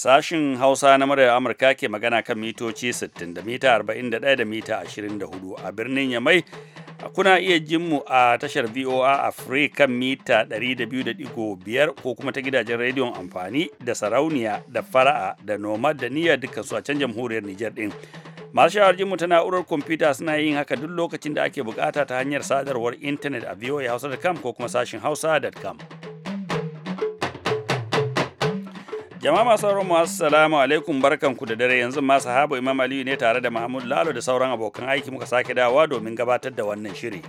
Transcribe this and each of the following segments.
Sashin Hausa na muryar Amurka ke magana kan mitoci 60 da mita 41 da mita 24 a birnin Yamai. Kuna iya jin mu a tashar VOA Africa mita 200.5 ko kuma ta gidajen rediyon amfani da sarauniya da fara'a da nomad da niyyar su a can jamhuriyar Nijar din. Masu shahararjin mu ta na'urar kwamfuta suna yin haka duk lokacin da ake bukata ta hanyar sadarwar intanet a voahausa.com ko kuma sashin hausa.com. Jama'a masu sauran mu assalamu alaikum barkanku da dare yanzu ma sahabo Imam Aliyu ne tare da Mahmud Lalo da sauran abokan aiki muka sake dawowa domin gabatar da wannan shiri.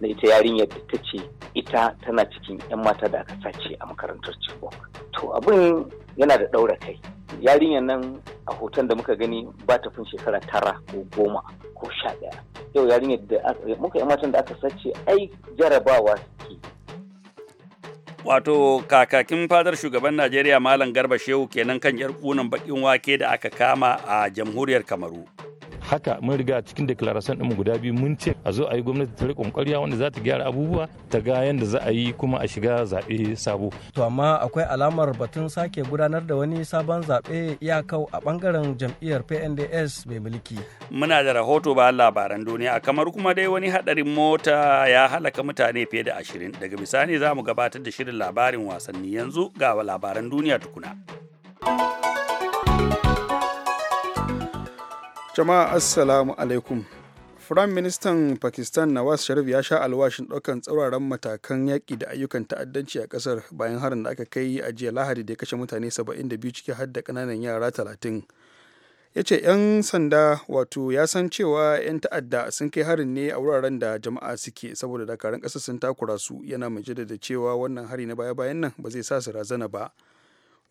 Na ita yarinyar da ta ce ita tana cikin 'yan mata da aka sace a makarantar Chibok. To abin yana da ɗaura kai. Yarinyar nan a hoton da muka gani ba ta fin shekara tara ko goma ko sha ɗaya. Yau yarinyar da muka 'yan matan da aka sace ai jarabawa suke wato kakakin fadar shugaban najeriya malam garba shehu kenan kan yar kunan bakin wake da aka kama a jamhuriyar kamaru haka mun riga cikin declaration ɗinmu guda biyu mun ce a zo a yi gwamnati ta riƙon ƙwarya wanda za ta gyara abubuwa ta ga yadda za a yi kuma a shiga zaɓe sabo. to amma akwai alamar batun sake gudanar da wani sabon zaɓe iyakau a ɓangaren jam'iyyar pnds mai mulki. muna da rahoto ba labaran duniya kamar kuma dai wani haɗarin mota ya halaka mutane fiye da ashirin daga bisani za mu gabatar da shirin labarin wasanni yanzu ga labaran duniya tukuna. jama'a assalamu alaikum firayim ministan pakistan nawaz sharif ya sha alwashin ɗaukan tsauraran matakan yaƙi da ayyukan ta'addanci a ƙasar bayan harin da aka kai a jiya lahadi da ya kashe mutane 72 ciki har da ƙananan yara 30 ya ce 'yan sanda wato ya san cewa 'yan ta'adda sun kai harin ne a wuraren da jama'a suke saboda dakarun ƙasar sun takura su yana mai jaddada cewa wannan hari na baya-bayan nan ba zai sa su razana ba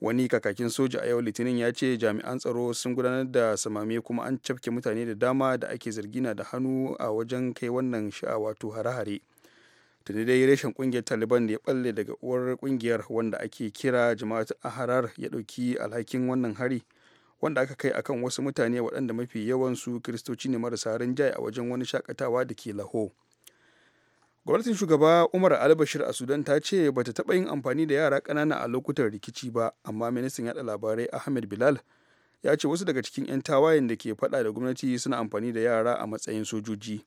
wani kakakin soja a yau litinin ya ce jami'an tsaro sun gudanar da samame kuma an cafke mutane da dama da ake zargina da hannu a wajen kai wannan sha'a wato hare-hare tuni dai reshen kungiyar taliban da ya balle daga uwar kungiyar wanda ake kira jama'at aharar ya dauki alhakin wannan hari wanda aka kai akan wasu mutane waɗanda mafi yawansu kiristoci ne marasa rinjaye a wajen wani shakatawa da ke laho. gwamnatin shugaba umar albashir a sudan ta ce bata taba yin amfani da yara kanana a lokutan rikici ba amma ministan yada labarai ahmed bilal ya ce wasu daga cikin 'yan tawayen da ke faɗa da gwamnati suna amfani da yara a matsayin sojoji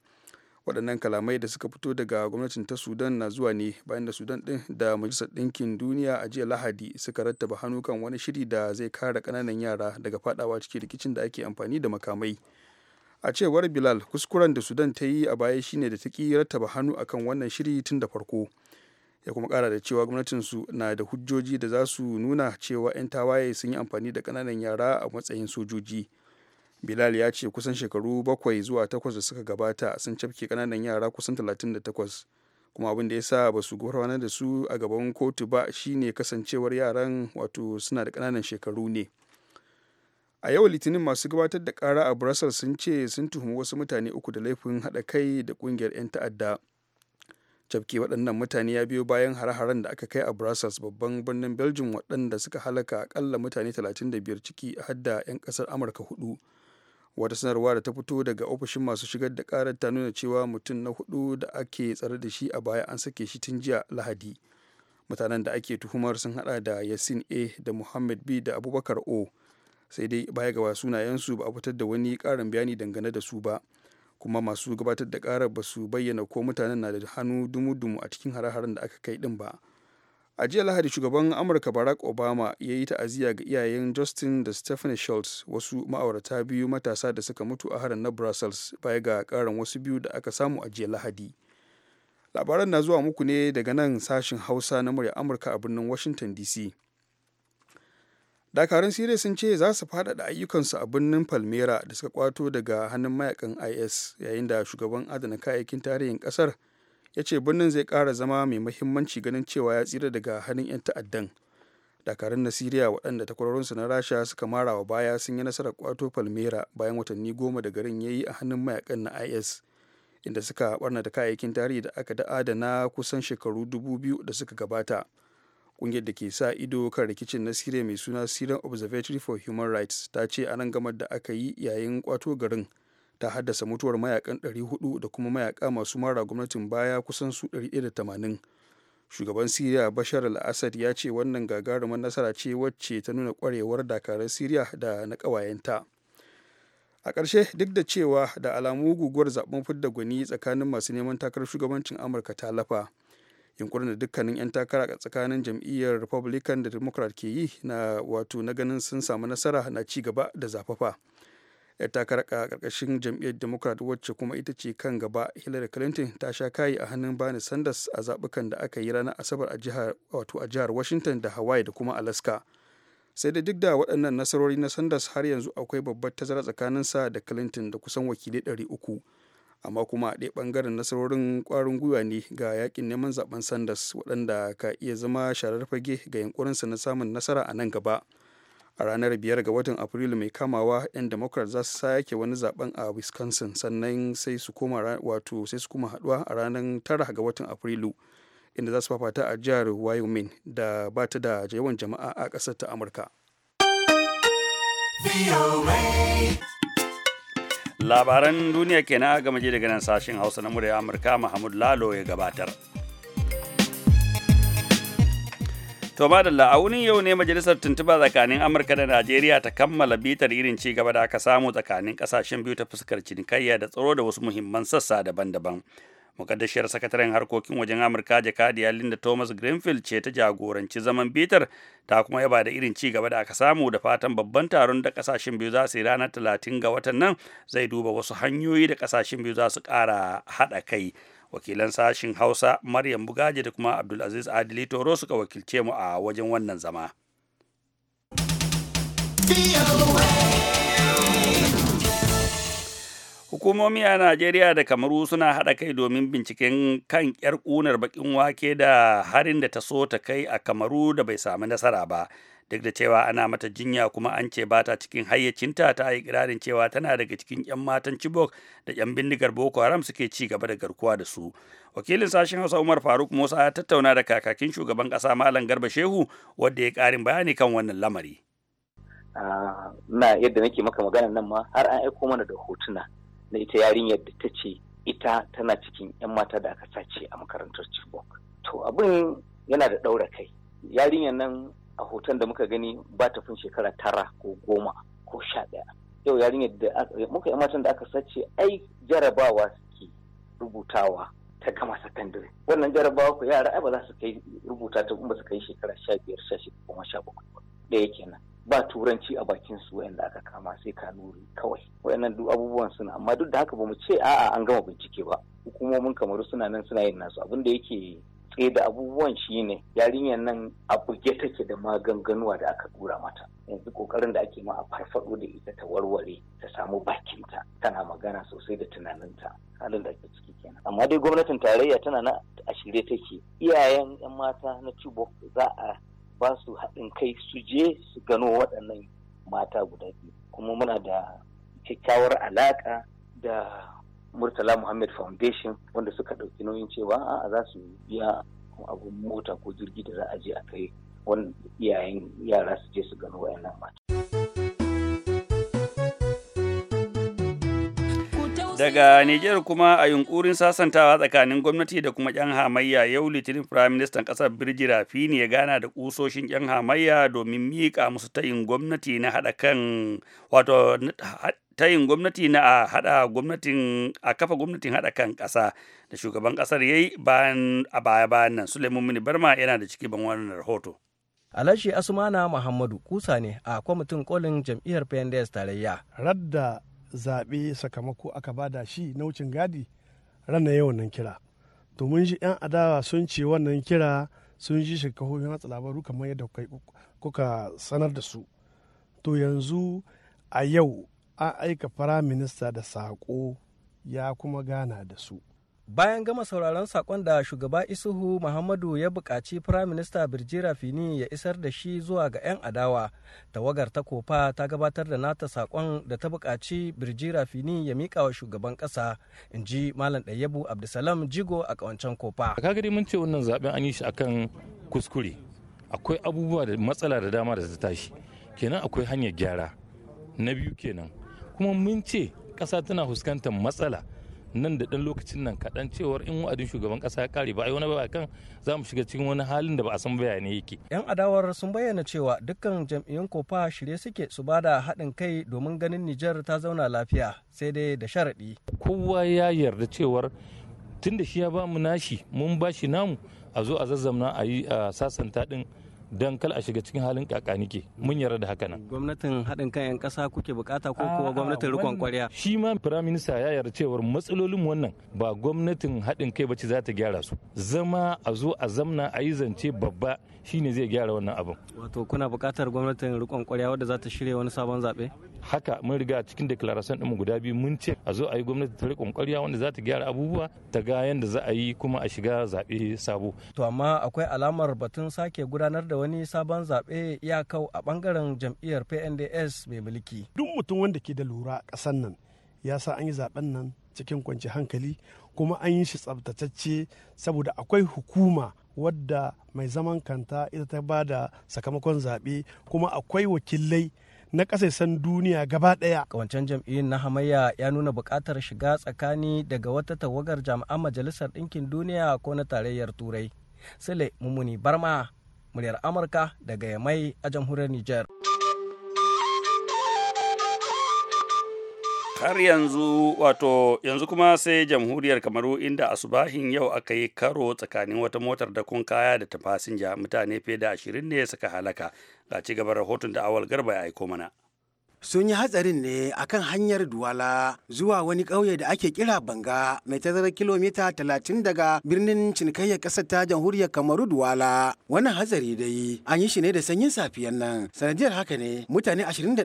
waɗannan kalamai da suka fito daga gwamnatin ta sudan na zuwa ne bayan da sudan ɗin da majalisar ɗinkin duniya a jiya lahadi suka rattaba hannu kan wani shiri da zai kare kananan yara daga faɗawa cikin rikicin da ake amfani da makamai a cewar bilal kuskuren da sudan ta yi a baya shine da ta ki rattaba hannu akan wannan shiri tun da farko ya kuma kara da cewa gwamnatinsu na da hujjoji da za su nuna cewa 'yan tawaye sun yi amfani da kananan yara a matsayin sojoji bilal ya ce kusan shekaru bakwai zuwa takwas da suka gabata sun cafke kananan yara kusan 38 kuma abin da ya sa ba su da su a gaban kotu ba shine kasancewar yaran wato suna da kananan shekaru ne a yau litinin masu gabatar da kara a brussels sun ce sun tuhumi wasu mutane uku da laifin haɗa kai da kungiyar 'yan ta'adda cafke waɗannan mutane ya biyo bayan hare-haren da aka kai a brussels babban birnin belgium waɗanda suka halaka akalla mutane 35 ciki a hadda 'yan ƙasar amurka hudu wata sanarwa da ta fito daga ofishin masu shigar da karar ta nuna cewa mutum na hudu da ake tsare da shi a baya an sake shi tun jiya lahadi mutanen da ake tuhumar sun hada da yasin a da muhammad b da abubakar o sai dai baya ga sunayensu ba a fitar da wani karin bayani dangane da su ba kuma masu gabatar da ƙarar ba su bayyana ko mutanen na da hannu dumu-dumu a cikin hare-haren da aka kai din ba a jiya lahadi shugaban amurka barack obama ya yi ta'aziyya ga iyayen justin da stephanie schultz wasu ma'aurata biyu matasa da suka mutu a harin na brussels baya ga ƙarin wasu biyu da aka samu a jiya lahadi labaran na zuwa muku ne daga nan sashin hausa na murya amurka a birnin washington dc dakarun siriya sun ce za su faɗaɗa ayyukansu a birnin palmera da suka kwato daga hannun mayakan is yayin da shugaban adana kayayyakin tarihin ƙasar ya ce birnin zai kara zama mai mahimmanci ganin cewa ya tsira daga hannun 'yan ta'addan dakarun na siriya waɗanda takwarorinsu na rasha suka mara wa baya sun yi nasarar kwato palmera bayan watanni goma da garin ya yi a hannun mayakan na is inda suka da kayayyakin tarihi da aka da adana kusan shekaru dubu biyu da suka gabata kungiyar da ke sa ido kan rikicin na siriya mai suna syrian observatory for human rights ta ce a nan gamar da aka yi yayin kwato garin ta haddasa mutuwar mayakan 400 da kuma mayaka masu mara gwamnatin baya kusan su 180 shugaban siriya bashar al-assad ya ce wannan gagarumar nasara ce wacce ta nuna kwarewar dakarar siriya da na kawayenta. a ƙarshe duk da cewa da alamu guguwar zaben fidda gwani tsakanin masu neman takarar shugabancin amurka ta lafa yunkurin da dukkanin 'yan takara a tsakanin jam'iyyar republican da democrat ke yi na wato na ganin sun samu nasara na ci gaba da zafafa yar takara a karkashin jam'iyyar democrat wacce kuma ita ce kan gaba hillary clinton ta sha kayi a hannun bani sanders a zabukan da aka yi ranar asabar a jihar wato a jihar washington da hawaii da kuma alaska sai da duk da waɗannan nasarori na sanders har yanzu akwai babbar tazara sa da clinton da kusan wakilai 300 amma kuma a ɗaya ɓangaren nasarorin ƙwarin gwiwa ne ga yakin neman zaben sanders waɗanda ka iya zama sharar fage ga sa na samun nasara a nan gaba a ranar biyar ga watan afrilu mai kamawa 'yan democrat za su sake wani zaben a wisconsin sannan sai su koma wato sai su kuma haduwa a ranar tara ga watan afrilu inda za su fafata a jihar wyoming da ba ta da yawan jama'a a ƙasar ta amurka labaran duniya kenan gama daga nan sashen hausa na murya amurka mahmud lalo ya gabatar To madalla a wurin yau ne majalisar tuntuba tsakanin Amurka da Najeriya ta kammala bitar irin ci gaba da aka samu tsakanin kasashen biyu ta fuskar cinikayya da tsaro da wasu muhimman sassa daban-daban. mukaddashiyar sakataren harkokin wajen amurka jakadiya linda thomas greenfield ce ta jagoranci zaman bitar ta kuma yaba da irin ci gaba da aka samu da fatan babban taron da kasashen biyu za su yi ranar talatin ga watan nan zai duba wasu hanyoyi da kasashen biyu za su kara haɗa kai wakilan sashin hausa maryam bugaje da kuma abdulaziz adili toro suka wakilce mu a wajen wannan zama. hukumomi a najeriya da kamaru suna haɗa kai domin binciken kan yar ƙunar bakin wake da harin da ta so ta kai a kamaru da bai sami nasara ba duk da cewa ana mata jinya kuma an ce ba ta cikin hayyacinta ta yi kirarin cewa tana daga cikin 'yan matan chibok da 'yan bindigar boko haram suke ci gaba da garkuwa da su wakilin sashen hausa umar faruk musa ya tattauna da kakakin shugaban ƙasa malam garba shehu wadda ya ƙarin bayani kan wannan lamari ah, na yadda nake maka magana nan ma har an aiko mana da hotuna na ita yarinyar da ta ce ita tana cikin 'yan mata da aka sace a makarantar Chibok. To abin yana da ɗaura kai. Yarinyar nan a hoton da muka gani ba ta fin shekara tara ko goma ko sha ɗaya. Yau yarinyar da muka 'yan matan da aka sace ai jarabawa suke rubutawa ta gama sakandare. Wannan jarabawa ku yara ai ba za su kai rubuta ta ba su kai shekara sha biyar sha shida ko sha bakwai. Ɗaya kenan. ba turanci a bakin su wayanda aka kama sai ka kanuri kawai wayannan duk abubuwan suna amma duk da haka ba mu ce a'a an gama bincike ba hukumomin kamar suna nan suna yin nasu abin da yake tsaye da abubuwan shine yarinyar nan a buge take da maganganuwa da aka dura mata yanzu kokarin da ake ma a farfado da ita ta warware ta samu bakinta tana magana sosai da tunaninta halin da ake ciki kenan amma dai gwamnatin tarayya tana na a shirye take iyayen yan mata na cibo za a ba su haɗin kai su je su gano waɗannan mata guda biyu kuma muna da kyakkyawar alaƙa da murtala muhammad foundation wanda suka ɗauki nauyin cewa a za su biya abun mota ko jirgi da za a je a kai wanda iyayen yara su je su gano wayannan mata daga niger kuma a yunkurin sasantawa tsakanin gwamnati da kuma 'yan hamayya yau litinin firaministan ƙasar birji rafini ya gana da kusoshin ƴan hamayya domin miƙa musu tayin gwamnati na haɗa kan wato tayin gwamnati na haɗa gwamnatin a kafa gwamnatin haɗa kan ƙasa da shugaban ƙasar ya yi a baya bayan nan suleiman mini barma yana da ciki ban wannan rahoto alhaji asmana muhammadu kusa ne a kwamitin kolin jam'iyyar pnds tarayya radda zaɓe sakamako aka bada shi na wucin gadi rana yau nan kira domin shi 'yan adawa sun ce wannan kira sun ji shi kahohin watsa labaru kamar yadda kuka sanar da su to yanzu a yau an aika firaminista da saƙo ya kuma gana da su bayan gama sauraron sakon da shugaba isuhu muhammadu ya buƙaci firaminista birjira fini ya isar da shi zuwa ga 'yan adawa tawagar ta kofa ta gabatar da nata sakon da ta bukaci birjira fini ya miƙa wa shugaban ƙasa in ji malam ɗayyabu abdulsalam jigo a ƙawancen kofa ka dai mun ce wannan zaben an yi shi akan kuskure akwai abubuwa da matsala da dama da ta tashi kenan akwai hanyar gyara na biyu kenan kuma mun ce ƙasa tana fuskantar matsala nan da ɗan lokacin nan kaɗan cewar in wa'adin shugaban ƙasa ya kare ba a yi wani ba kan za mu shiga cikin wani halin da ba a san bayani yake. 'Yan adawar sun bayyana cewa dukkan jam'iyyun kofa shirye suke su bada haɗin kai domin ganin Nijar ta zauna lafiya sai dai da sharaɗi. Kowa ya yarda cewar tun da shi ya bamu nashi mun bashi namu a zo a zazzamna a yi a sasanta ɗin don a shiga cikin halin ke mun yarda da haka nan gwamnatin haɗin kan yan ƙasa kuke bukata ko kuwa gwamnatin rikon kwarya shi ma firaminista ya yarda cewar matsalolin wannan ba gwamnatin haɗin kai bace za ta gyara su zama a zo a zamna a yi zance babba shine zai gyara wannan abin wato kuna bukatar gwamnatin rikon kwarya wadda za ta shirya wani sabon zaɓe haka mun riga cikin declaration ɗinmu guda biyu mun ce a zo a yi gwamnati ta riƙon ƙwarya wanda za ta gyara abubuwa ta ga yadda za a yi kuma a shiga zaɓe sabo. To amma akwai alamar batun sake gudanar da wani sabon zaɓe iyakau a ɓangaren jam'iyyar PNDS mai mulki. Duk mutum wanda ke da lura ƙasar nan ya sa an yi zaɓen nan cikin kwanci hankali kuma an yi shi tsabtatacce saboda akwai hukuma wadda mai zaman kanta ita ta ba da sakamakon zaɓe kuma akwai wakilai na duniya gaba ɗaya. Kawancan jam'iyyun na hamayya ya nuna buƙatar shiga tsakani daga wata tawagar jami'an Majalisar Ɗinkin Duniya ko na Tarayyar Turai. Sule Mumuni Barma, muryar Amurka daga Yamai a jamhuriyar Nijar. har yanzu wato yanzu kuma sai jamhuriyar kamaru inda asubahin yau aka yi karo tsakanin wata motar da kun kaya da ta fasinja mutane fiye da ashirin ne suka halaka ga ci rahoton da awal garba ya aiko mana sun yi hatsarin ne akan hanyar Duwala zuwa wani ƙauye da ake kira Banga mai tazarar kilomita 30 daga birnin cinikayyar ƙasar ta jamhuriyar Kamaru Duwala. Wannan hatsari dai an yi shi ne da sanyin safiyan nan. Sanadiyar haka ne mutane 21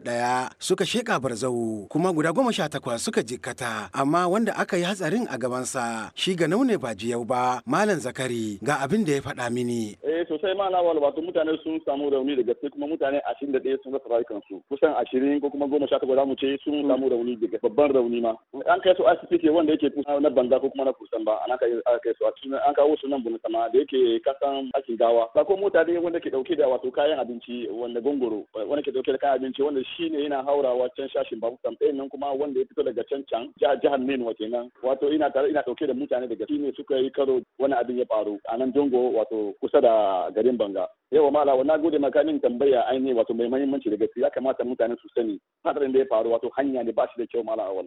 suka sheƙa barzau kuma guda goma sha takwas suka jikkata amma wanda aka yi hatsarin a gabansa shi ga naune ba jiyau ba Malam Zakari ga abin da ya faɗa mini. Eh sosai ma wato mutane sun samu rauni da gaske kuma mutane 21 sun rasa rayukansu kusan 20 kuma goma sha takwas zamu ce sun mm. samu rauni babban rauni ma an kai su asibiti wanda yake kusa na banza ko kuma na kusan ba an kai su an kawo su nan bunasa ma da yake kasan akin gawa ba ko mota dai wanda ke dauke da wato kayan abinci wanda gongoro wanda ke dauke da kayan abinci wanda shine yana haurawa can shashin babu kamfen nan kuma wanda ya fito daga can can jihar Benue kenan wato ina tare ina dauke da mutane daga shine suka yi karo wani abin ya faru a nan Jongo wato kusa da garin Banga yawa mala na gode maka min tambaya ainihi wato mai muhimmanci da gaske ya kamata mutane su sani hadarin da ya faru wato hanya ne ba shi da kyau malam awal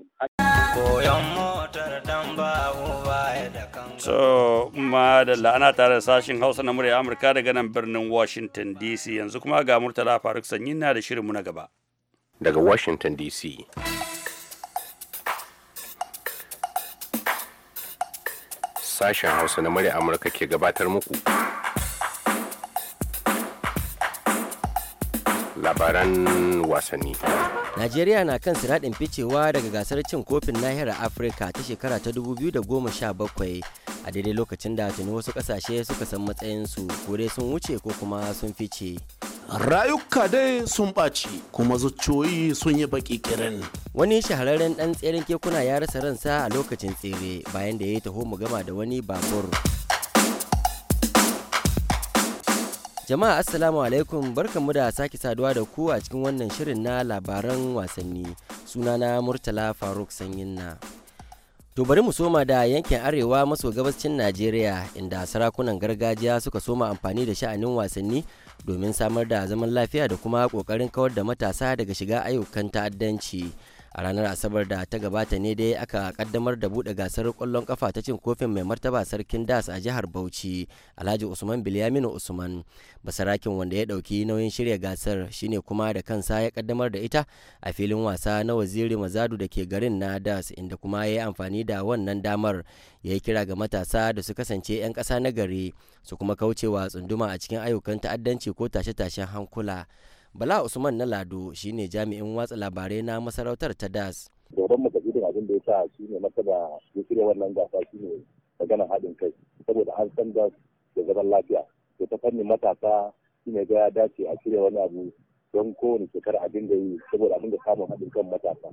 koyon motar dan babu baya da kan so madalla ana tare da sashin hausa na murya amurka daga nan birnin washington dc yanzu kuma ga murtala faruk sanyin na da mu na gaba daga washington dc sashen hausa na murya amurka ke gabatar muku labaran wasanni najeriya na kan siraɗin ficewa daga gasar cin kofin nahiyar afirka ta shekara ta 2017 a daidai lokacin da tuni wasu ƙasashe suka san matsayinsu ko dai sun wuce ko kuma sun fice rayuka dai sun ɓaci kuma zuciyoyi sun yi baƙi kirin wani shahararren ɗan tseren kekuna ya rasa ransa a lokacin tsere bayan da ya yi taho mu gama da wani babur Jama'a Assalamu alaikum barkanmu da sake saduwa da ku a cikin wannan shirin na labaran wasanni sunana Murtala Faruk Sanyinna. To bari mu soma da yankin arewa maso gabashin Najeriya inda sarakunan gargajiya suka soma amfani da sha'anin wasanni domin samar da zaman lafiya da kuma ƙoƙarin kawar da matasa daga shiga ayyukan ta'addanci. a ranar asabar da ta gabata ne dai aka kaddamar da bude gasar kwallon kafa ta cin kofin mai martaba sarkin das a jihar bauchi alhaji usman bilyaminu usman basarakin wanda ya dauki nauyin shirya gasar shine kuma da kansa ya kaddamar da ita a filin wasa na waziri mazadu da ke garin na das inda kuma ya yi amfani da wannan damar ya yi kira ga matasa da su kasance 'yan kasa na gari su kuma kaucewa tsunduma a cikin ayyukan ta'addanci ko tashe-tashen hankula Bala Usman na Lado shine jami'in watsa labarai na masarautar ta DAS. Goban mu da abin da ya sa shi ne masaba ya shirya wannan gasa shi ne maganar haɗin kai saboda an san DAS da zaman lafiya. Da ta fannin matasa shi ne ga ya dace a shirya wani abu don kowane shekara abin da yi saboda abin da samun haɗin kan matasa.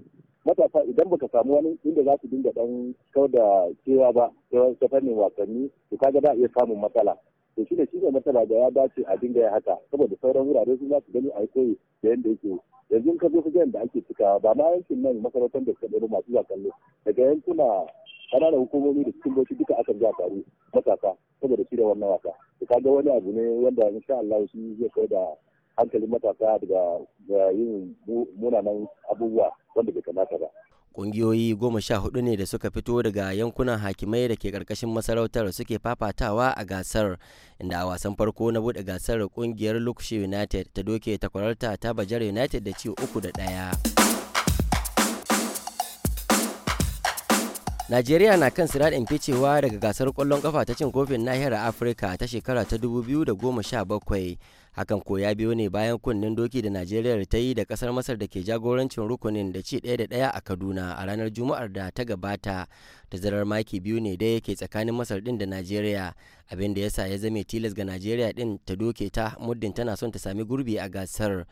Matasa idan baka samu wani inda za su dinga ɗan kau da cewa ba ta fannin wasanni to kaga za a iya samun matsala. to shi ne shi ne martaba da ya dace a dinga ya haka saboda sauran wurare sun za su gani a koyi da yadda yake yanzu ka zo ka da ake cika ba ma yankin nan masarautar da suka masu zuwa kallo daga yankuna kananan hukumomi da cikin boci duka akan za faru matasa saboda shi da wannan wasa to kaga wani abu ne wanda insha Allah shi zai kai da hankalin matasa daga yin munanan abubuwa wanda bai kamata ba Ƙungiyoyi goma sha hudu ne da suka fito daga yankunan hakimai da ke ƙarƙashin masarautar suke fafatawa a gasar, inda a wasan farko na buɗe gasar ƙungiyar lokaci United ta doke takwararta ta Bajar United da ci uku da ɗaya. Najeriya na kan siraɗin ficewa daga gasar ƙwallon ƙafa ta cin kofin nahiyar Afirka ta shekara ta 2017 hakan ko ya biyo ne bayan kunnen doki da najeriya ta yi da kasar masar da ke jagorancin rukunin da ci ɗaya da ɗaya a kaduna a ranar juma'ar da ta gabata tazarar maki biyu ne dai yake tsakanin masar din da najeriya abin da yasa ya zame tilas ga najeriya din ta doke ta muddin tana son ta sami gurbi a gasar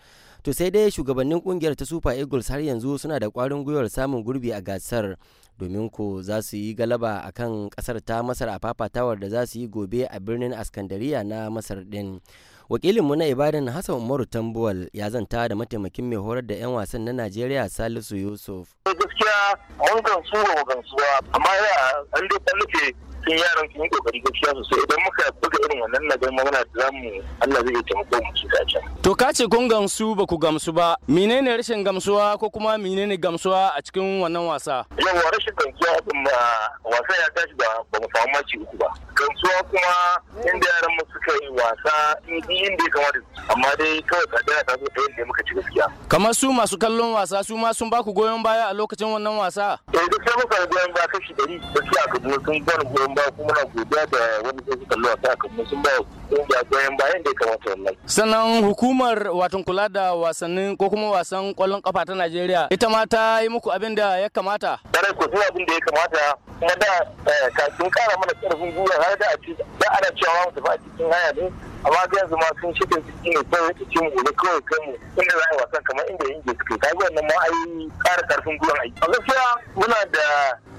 to sai dai shugabannin kungiyar ta super eagles har yanzu suna da kwarin gwiwar samun gurbi a gasar domin ku za su yi galaba a kan kasar ta masar a fafatawar da za su yi gobe a birnin askandariya na masar din wakilinmu na ibadan hassan umaru tambuwal ya zanta da mataimakin mai horar da 'yan wasan na najeriya salisu yusuf eh, gaskiya gansuwa amma ya cikin yaran sun yi kokari gaskiya sosai idan muka buga irin wannan na zama muna da zamu Allah zai taimako mu shiga can. To ka ce kun gamsu ba ku gamsu ba menene rashin gamsuwa ko kuma menene gamsuwa a cikin wannan wasa? Yawa rashin gamsuwa din ba wasa ya tashi ba ba mu samu maci uku ba. Gamsuwa kuma inda yaran mu suka yi wasa inda ya kamata amma dai kawai tsada ta zo ta yadda muka ci gaskiya. Kamar su masu kallon wasa su ma sun ba ku goyon baya a lokacin wannan wasa? Eh duk sai muka goyon baya kashi ɗari gaskiya a Kaduna sun ba goyon ba kuma na godiya da wani zai suka lura ta kan sun ba kungiya goyon bayan da ya kamata wannan. Sannan hukumar watan kula da wasannin ko kuma wasan kwallon kafa ta Najeriya ita ma ta yi muku abin da ya kamata. Dare ko duk abin da ya kamata kuma da eh, kafin kara mana karfin gwiwa har da a ci da ana cewa mu tafi a cikin haya ne amma ga yanzu ma sun shirya ciki ne kawai ta ce mu gobe kawai kai mu inda za a yi wasan kamar inda yin ke suke. Kaji wannan ma a yi kara karfin gwiwa a yi. A gaskiya muna da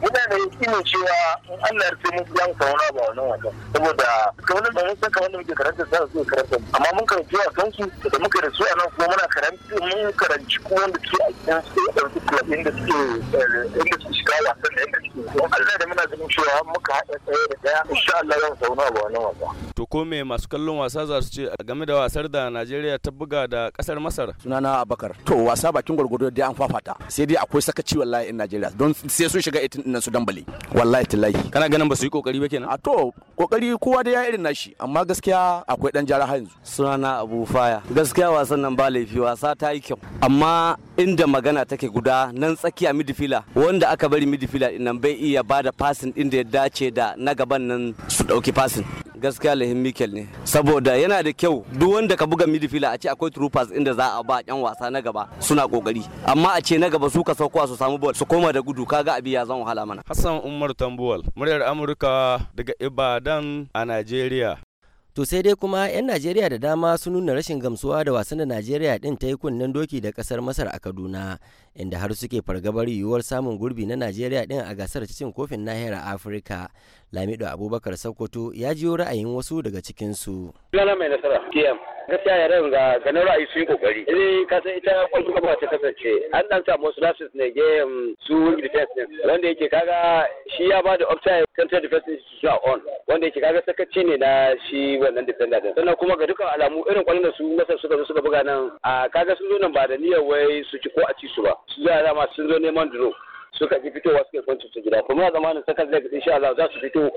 muna da yakinin cewa in Allah sai mun biya musu wani abu a wannan wasan saboda kamar da mun san kamar da muke karanta za su karanta amma mun karanci wasan su da da su a nan kuma muna karanci mun karanci kuma wanda suke a cikin su da su club inda suke eh, inda suke shiga wasan da inda suke Allah da muna da a wannan to ko me masu kallon wasa za su ce game da wasar da Najeriya ta buga da kasar Masar sunana Abakar to wasa bakin gurgurdo dai an fafata sai dai akwai sakaci wallahi in Najeriya don sai sun shiga 18 dinnan su dambale wallahi tallahi kana ganin ba su yi kokari ba kenan a to kokari kowa da ya irin nashi amma gaskiya akwai dan jara har yanzu sunana abu faya gaskiya wasan nan ba laifi wasa ta yi kyau amma inda magana take guda nan tsakiya midifila, wanda aka bari midifila nan bai iya bada passing din da ya dace da na gaban nan su dauki passing gaskiya lahin mikel ne saboda yana da kyau duk wanda ka buga midfielder a ce akwai troopers inda za a ba yan wasa na gaba suna kokari amma a ce na gaba su ka sauka su samu ball su koma da gudu kaga abi ya zan wahala mana hassan umar tambuwal muryar amurka daga ibadan a nigeria to sai dai kuma 'yan najeriya da dama sun nuna rashin gamsuwa da wasan da najeriya din ta yi kunnen doki da kasar masar a kaduna inda har suke fargabar yiwuwar samun gurbi na najeriya din a gasar cin kofin nahiyar afirka lamido abubakar sokoto ya jiyo ra'ayin wasu daga cikinsu Lala mai nasara tm gaskiya yaren ga ganin ra'ayi sun yi kokari Ili ka san ita kwallon kafa ta kasance an dan samu wasu lapses ne game su defense ne wanda yake kaga shi ya bada offside center defense su on wanda yake kaga sakaci ne na shi wannan defender din sannan kuma ga dukkan alamu irin kwallon da su masa suka zo suka buga nan a kaga sun zo nan ba da niyyar wai su ci ko a ci su ba su za a dama sun zo neman draw suka ji fitowa suke kwanci su gida kuma a zamanin second leg insha Allah za su fito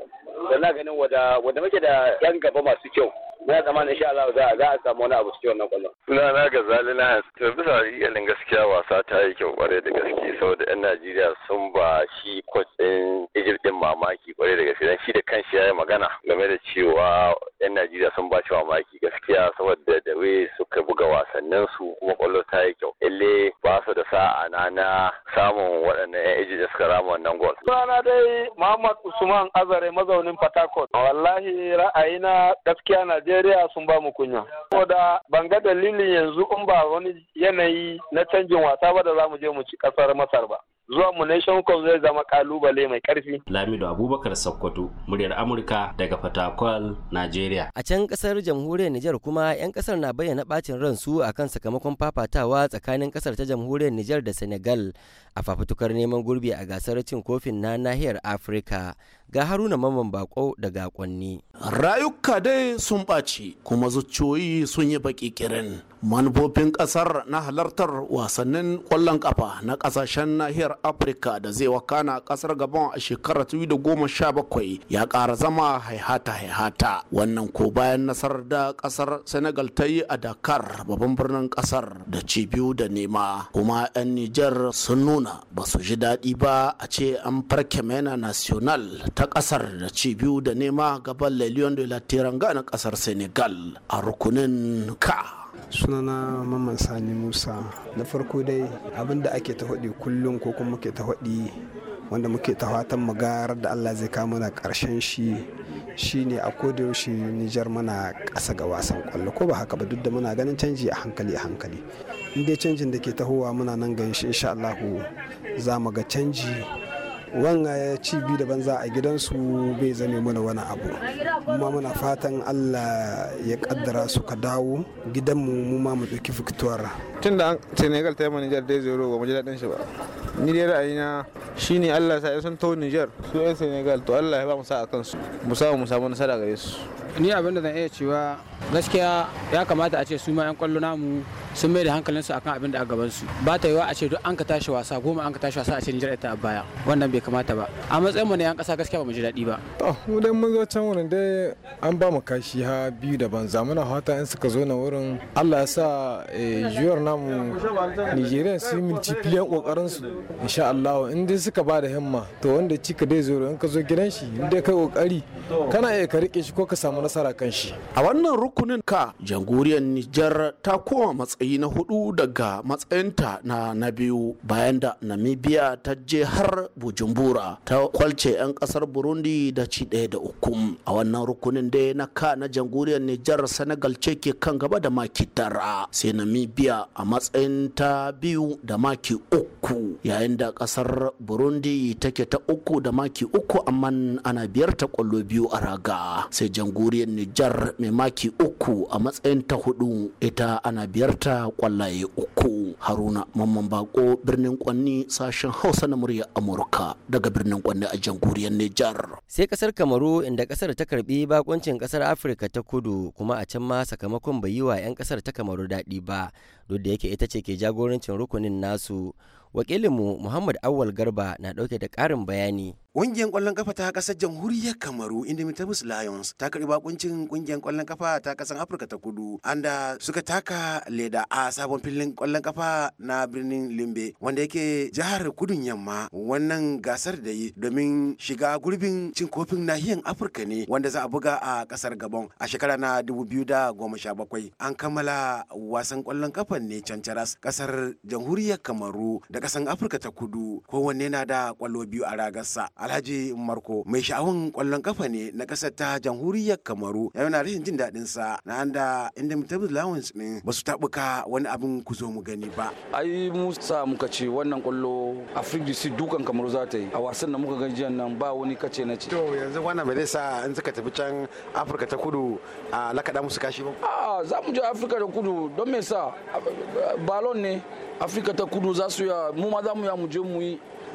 da na ganin wada wada muke da yan gaba masu kyau na zama insha Allah za a samu wani abu cikin wannan kwallon. Suna na ga zali na to bisa iyalin gaskiya wasa ta yi kyau kwarai da gaske saboda 'yan Najeriya sun ba shi coach ɗin Egypt mamaki kwarai da gaske dan shi da kanshi ya yi magana game da cewa 'yan Najeriya sun ba shi mamaki gaskiya saboda da we suka buga wasannin su kuma kwallo ta yi kyau. Ille ba su da sa'a na na samun waɗannan 'yan Egypt da suka rama wannan gol. Sunana na dai Muhammad Usman Azare mazaunin Fatakot. Wallahi ra'ayina gaskiya Najeriya Najeriya sun ba mu kunya. Saboda ban ga dalilin yanzu in ba wani yanayi na canjin wasa ba da za mu je mu ci ƙasar Masar ba. zuwa mu nation cup zai zama kalubale mai karfi lamido abubakar Sokoto, muryar amurka daga fatakwal Najeriya. a can kasar jamhuriyar Nijar kuma yan kasar na bayyana bacin ransu a kan sakamakon fafatawa tsakanin kasar ta jamhuriyar Nijar da senegal a fafutukar neman gurbi a gasar cin kofin na nahiyar afirka ga haruna maman bako daga kwanni rayuka dai sun ɓaci kuma zuciyoyi sun yi baƙi kirin manufofin kasar na halartar wasannin kwallon kafa na kasashen nahiyar afirka da zai wakana kasar gabon a shekarar bakwai ya kara zama haihata haihata wannan ko bayan nasarar da kasar senegal ta yi a dakar babban birnin kasar da cibiyu da nema kuma 'yan nijar sun nuna ba su ji daɗi ba a ce an farke mena national ta kasar da cibiyu da nema gaban lelion de la tiranga na kasar senegal a rukunin ka sunana mamman sani musa na farko dai abin da ake ta haɗi kullum ko kuma muke ta haɗi wanda muke ta fatan gayar da allah zai kawo mana karshen shi shine a kodayaushe nijar mana ƙasa ga wasan kwallo ko ba haka ba duk da muna ganin canji a hankali a hankali in dai canjin da ke tahowa muna nan ganin shi insha allahu za mu ga canji wanga cibi da banza a gidansu bai zame mana wani abu kuma muna fatan allah ya kaddara suka dawo gidanmu mu ma mu ɗauki victoire tun da senegal ta yi mana nijar dai zero mu ji daɗin shi ba ni dai ra'ayina shine allah sa sun tau nijar su yan senegal to allah ya ba mu sa'a kansu mu samu mu samu nasara gare su ni abin da zan iya cewa gaskiya ya kamata a ce su ma 'yan kwallo namu sun mai da hankalinsu akan abin da a gabansu ba ta yiwa a ce duk an ka tashi wasa goma an ka tashi wasa a ce Nijar ta baya wannan bai kamata ba a matsayin mu na yan kasa gaskiya ba mu ji daɗi ba to mu dai mun zo can wurin dai an ba mu kashi ha biyu da banza hata fata in suka zo na wurin Allah ya sa eh, juyar namu Nijeriya su yi multipliyan kokarin su insha Allah in dai suka ba da himma to wanda cika dai zo in ka zo gidan shi in dai kai kokari kana iya ka rike shi ko ka samu nasara kan shi a wannan rukunin ka jamhuriyar nijar ta koma matsayi na hudu daga matsayinta na na biyu bayan da namibia ta je har bujumbura ta kwalce 'yan kasar burundi da ci ɗaya da uku a wannan rukunin dai na ka na jamhuriyar nijar senegal ce ke kan gaba da maki tara sai namibia a matsayin ta biyu da maki uku yayin da kasar burundi take ta uku da maki uku amma ana biyar ta kwallo biyu a raga sai jamhuriyar jamhuriyar Nijar mai maki uku a matsayin ta hudu ita ana biyar ta kwallaye uku haruna mamman bako birnin kwanni sashen hausa na murya amurka daga birnin kwanni a jamhuriyar Nijar. sai kasar kamaru inda kasar ta karbi bakoncin kasar afirka ta kudu kuma a can ma sakamakon bai yi wa 'yan kasar ta kamaru daɗi ba duk da yake ita ce ke jagorancin rukunin nasu wakilinmu muhammad awal garba na dauke da karin bayani Ƙungiyar ƙwallon kafa ta ƙasar jamhuriyar Kamaru Indomitables Lions ta karɓi bakuncin ƙungiyar ƙwallon kafa ta ƙasar Afirka ta Kudu anda suka taka leda a sabon filin ƙwallon kafa na birnin Limbe wanda yake jihar Kudun Yamma wannan gasar da yi domin shiga gurbin cin kofin nahiyar Afirka ne wanda za a buga a ƙasar Gabon a shekara na da bakwai an kammala wasan ƙwallon kafa ne cancaras ƙasar jamhuriyar Kamaru da kasan Afirka ta kudu kowanne na da kwallo biyu a ragarsa. Alhaji Marko mai sha'awun kwallon kafa ne na kasar ta jamhuriyar Kamaru yana rashin jin daɗin sa na anda inda mutabus Lawrence ɗin ba su ka wani abin ku zo mu gani ba. Ai Musa muka ce wannan kwallo Afirka du dukan Kamaru za ta yi a wasan da muka gani jiyan nan ba wani kace na ce. To yanzu wannan ba zai sa in suka tafi can Afirka ta kudu a lakaɗa musu kashi ba. A za mu je Afirka da kudu don me sa balon ne afrika ta kudu ya mu ma ya mu je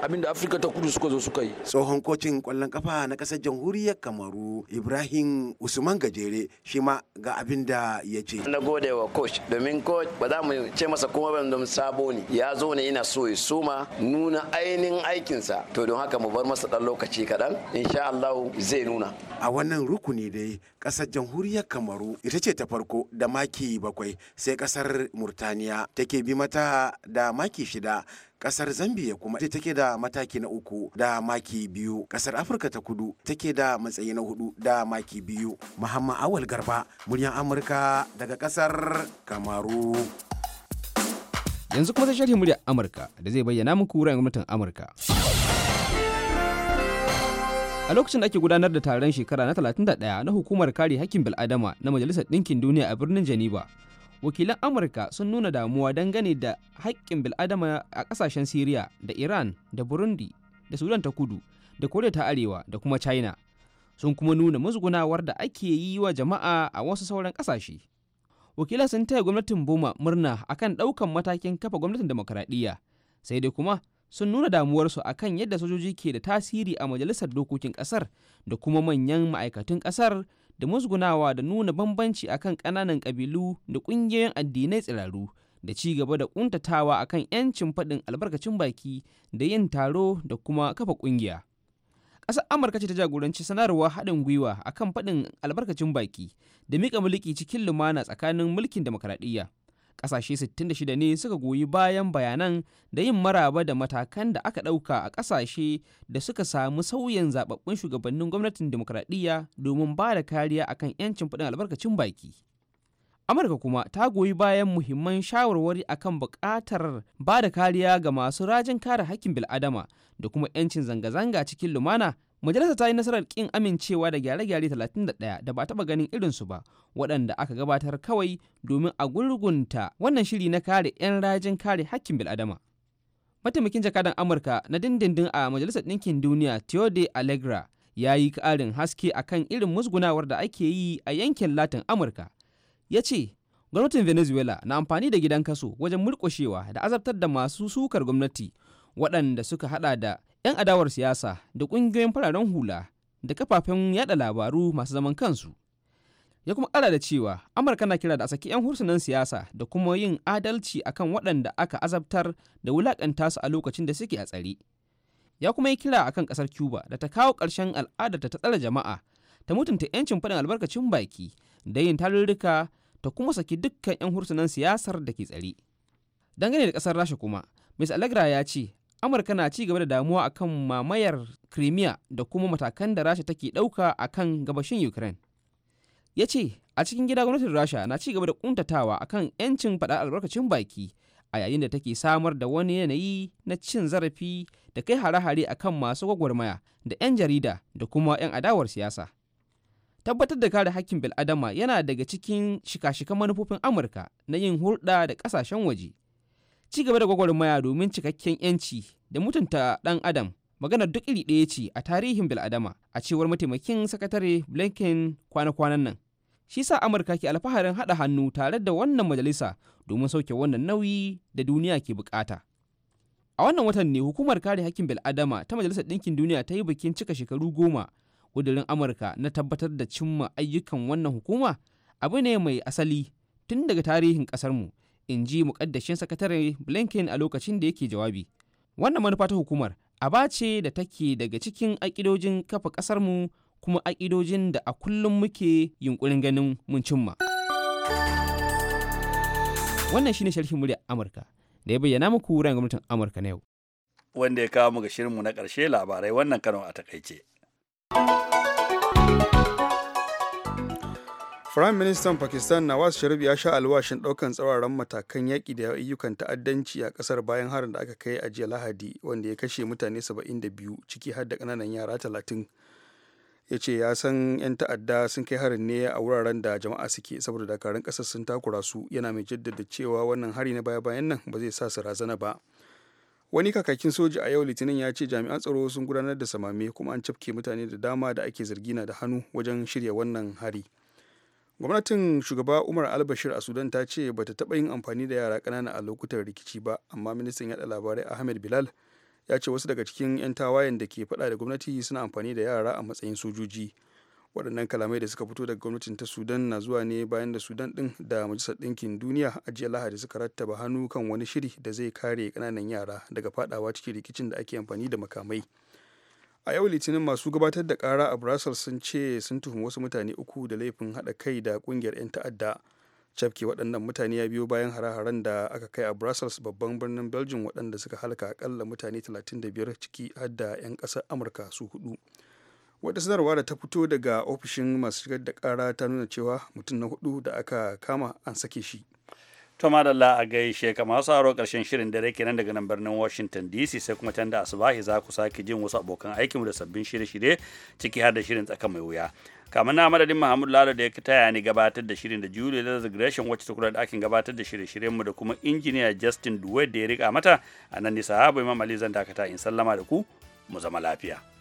abinda afirka ta kudu suka zo suka yi tsohon kocin kwallon kafa na kasar jamhuriyar kamaru ibrahim usman gajere shi ma ga abin da ya ce na gode wa coach domin coach ba za mu ce masa kuma ban don sabo ne ya zo ne ina so ya suma. nuna ainihin aikinsa to don haka mu bar masa dan lokaci kaɗan insha allahu zai nuna a wannan rukuni dai kasar jamhuriyar kamaru ita ce ta farko da maki bakwai sai kasar murtaniya take bi mata da maki shida kasar zambia kuma ita take da mataki na uku da maki biyu kasar afirka ta kudu take da matsayi na hudu da maki biyu muhammad awal garba muryan amurka daga kasar kamaru yanzu kuma sai sharhin muryar amurka da zai bayyana muku wuraren gwamnatin amurka a lokacin da ake gudanar da taron shekara na 31 na hukumar kare hakkin bil'adama na majalisar ɗinkin duniya a birnin geneva wakilan amurka sun nuna damuwa dangane da haƙƙin bil'adama a ƙasashen siriya da iran da burundi da sudan ta kudu da koriya ta arewa da kuma china sun kuma nuna musgunawar da ake yi wa jama'a a wasu sauran ƙasashe wakilai sun taya gwamnatin boma murna akan ɗaukan matakin kafa gwamnatin demokradiyya sai dai kuma sun nuna damuwarsu akan yadda sojoji ke da tasiri a majalisar dokokin ƙasar da kuma manyan ma'aikatun ƙasar da musgunawa da nuna bambanci akan ƙananan ƙabilu da ƙungiyoyin addinai tsiraru da ci gaba da ƙuntatawa akan 'yancin faɗin albarkacin baki da yin taro da kuma kafa ƙungiya. ƙasar amurka ce ta jagoranci sanarwar haɗin gwiwa akan faɗin albarkacin baki da miƙa mulki cikin lumana tsakanin mulkin demokaradiyya ƙasashe 66 ne suka goyi bayan bayanan da yin maraba da matakan da aka ɗauka a ƙasashe da suka samu sauyin zababbun shugabannin gwamnatin demokradiyya domin ba da kariya akan 'yancin faɗin albarkacin baki amurka kuma ta goyi bayan muhimman shawarwari akan buƙatar ba da kariya ga masu rajin kare hakkin bil'adama da kuma 'yancin zanga-zanga cikin lumana Majalisa ta yi nasarar kin amincewa da gyare-gyare 31 da ba taɓa ganin irinsu ba, waɗanda aka gabatar kawai domin a gurgunta wannan shiri na kare 'yan rajin kare hakkin bil'adama. Mataimakin jakadan Amurka na dindindin a Majalisar Ɗinkin Duniya Theode Allegra ya yi ƙarin haske a kan irin musgunawar da ake yi a yankin Latin Amurka. Ya ce, gwamnatin Venezuela na amfani da gidan kaso wajen murƙushewa da azabtar da masu sukar gwamnati waɗanda suka haɗa da 'yan adawar siyasa da ƙungiyoyin fararen hula da kafafen yada labaru masu zaman kansu ya kuma ƙara da cewa amurka na kira da a saki 'yan hursunan siyasa da kuma yin adalci akan waɗanda aka azabtar da wulaƙanta su a lokacin da suke a tsare ya kuma yi kira akan ƙasar cuba da ta kawo ƙarshen al'adarta ta tsare jama'a ta mutunta 'yancin faɗin albarkacin baki da yin tarurruka ta kuma saki dukkan 'yan hursunan siyasar da ke tsare dangane da ƙasar rasha kuma Miss allegra ya ce amurka na ci gaba da damuwa akan mamayar crimea da kuma matakan da rasha take ɗauka akan gabashin ukraine ya ce a cikin gida gwamnatin rasha na ci gaba da kuntatawa akan 'yancin faɗa albarkacin baki a yayin da take samar da wani yanayi na cin zarafi da kai hare-hare akan masu gwagwarmaya da 'yan jarida da kuma 'yan adawar siyasa tabbatar da kare hakkin bil'adama yana daga cikin shika-shikan manufofin amurka na yin hulɗa da ƙasashen waje ci gaba da gwagwarmaya domin cikakken 'yanci da mutunta ɗan adam maganar duk iri ɗaya ce a tarihin bil'adama a cewar mataimakin sakatare blinken kwana-kwanan nan shi sa amurka ke alfaharin haɗa hannu tare da wannan majalisa domin sauke wannan nauyi da duniya ke bukata a wannan watan ne hukumar kare hakkin bil'adama ta majalisar ɗinkin duniya ta yi bikin cika shekaru goma ƙudurin amurka na tabbatar da cimma ayyukan wannan hukuma abu ne mai asali tun daga tarihin ƙasarmu mu in ji mukaddashin sakatare blinken a lokacin da yake jawabi wannan manufa ta hukumar aba ce da take daga cikin aƙidojin kafa ƙasarmu kuma aƙidojin da a kullum muke yunƙurin ganin mun cimma wannan shine sharhin murya amurka da ya bayyana muku ran gwamnatin amurka na yau wanda ya kawo mu ga shirinmu na ƙarshe labarai wannan kano a takaice. Firayim Ministan Pakistan Nawaz Sharif ya sha alwashin ɗaukan tsauraran matakan yaƙi da ayyukan ta'addanci a kasar bayan harin da aka kai a jiya Lahadi wanda ya kashe mutane 72 ciki har da kananan yara 30. Ya ce ya san 'yan ta'adda sun kai harin ne a wuraren da jama'a suke saboda dakarun ƙasar sun takura su yana mai jaddada cewa wannan hari na baya-bayan nan ba zai sa su razana ba. wani kakakin soja a yau litinin ya ce jami'an tsaro sun gudanar da samame kuma an cafke mutane da dama da ake zargi na da hannu wajen shirya wannan hari gwamnatin shugaba umar albashir a sudan ta ce bata taba yin amfani da yara kanana a lokutan rikici ba amma ministan yaɗa labarai ahmed bilal ya ce wasu daga cikin 'yan tawayen da ke faɗa da gwamnati suna amfani da yara a matsayin sojoji waɗannan kalamai da suka fito daga gwamnatin ta sudan na zuwa ne bayan da sudan ɗin da majalisar ɗinkin duniya a jiya lahadi suka rattaba hannu kan wani shiri da zai kare kananan yara daga fadawa cikin rikicin da ake amfani da makamai a yau litinin masu gabatar da kara a brussels sun ce sun tuhumi wasu mutane uku da laifin hada kai da kungiyar 'yan ta'adda cafke waɗannan mutane ya biyo bayan hare-haren da aka kai a brussels babban birnin belgium waɗanda suka halaka akalla mutane 35 ciki har da 'yan ƙasar amurka su hudu wata sanarwa da ta fito daga ofishin masu shigar da kara ta nuna cewa mutum na hudu da aka kama an sake shi to madalla a gaishe kama masu haro karshen shirin dare kenan daga nan birnin washington dc sai kuma can da asubahi za ku sake jin wasu abokan aikinmu da sabbin shirye-shirye ciki har da shirin tsaka mai wuya kamar na madadin Muhammadu Lalo da ya taya ni gabatar da shirin da Julia da Gresham wacce ta kula da akin gabatar da shirye-shiryen mu da kuma injiniya Justin Duwe da ya rika mata a nan nisa sahabo Imam Ali zan dakata in sallama da ku mu zama lafiya